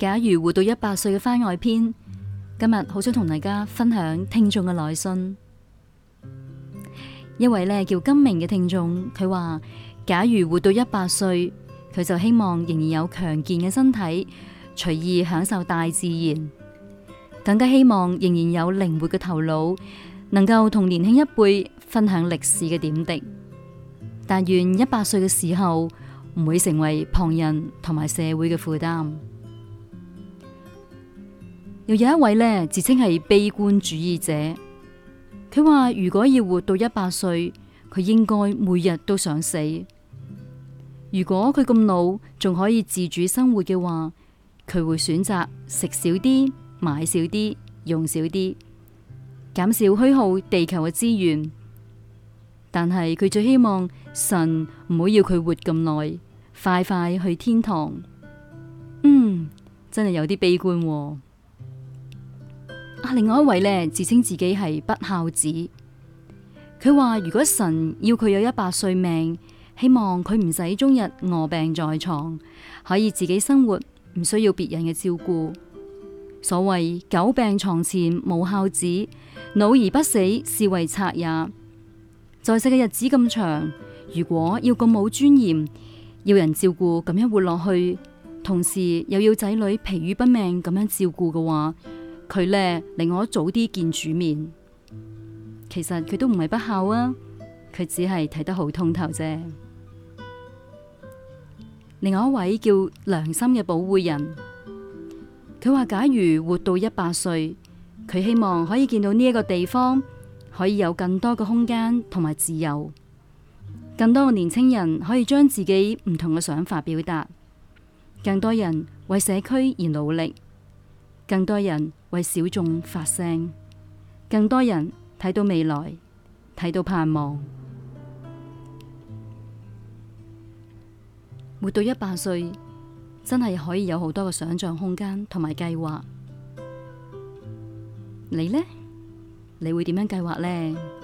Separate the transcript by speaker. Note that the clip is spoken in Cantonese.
Speaker 1: 假如活到一百歲嘅番外篇，今日好想同大家分享聽眾嘅來信。一位呢叫金明嘅聽眾，佢話假如活到一百歲，佢就希望仍然有強健嘅身體，隨意享受大自然；更加希望仍然有靈活嘅頭腦，能夠同年輕一輩分享歷史嘅點滴。但願一百歲嘅時候，唔會成為旁人同埋社會嘅負擔。又有一位呢，自稱係悲觀主義者，佢話如果要活到一百歲，佢應該每日都想死。如果佢咁老仲可以自主生活嘅話，佢會選擇食少啲、買少啲、用少啲，減少虛耗地球嘅資源。但係佢最希望神唔好要佢活咁耐，快快去天堂。嗯，真係有啲悲觀喎。啊，另外一位咧，自稱自己係不孝子，佢話如果神要佢有一百歲命，希望佢唔使終日臥病在床，可以自己生活，唔需要別人嘅照顧。所謂久病床前無孝子，老而不死是為賊也。在世嘅日子咁長，如果要咁冇尊嚴，要人照顧咁樣活落去，同時又要仔女疲於奔命咁樣照顧嘅話，佢呢，令我早啲見主面。其實佢都唔係不孝啊，佢只係睇得好通透啫。另外一位叫良心嘅保護人，佢話假如活到一百歲，佢希望可以見到呢一個地方，可以有更多嘅空間同埋自由，更多嘅年青人可以將自己唔同嘅想法表達，更多人為社區而努力。更多人為小眾發聲，更多人睇到未來，睇到盼望。活到一百歲，真係可以有好多嘅想象空間同埋計劃。你呢？你會點樣計劃呢？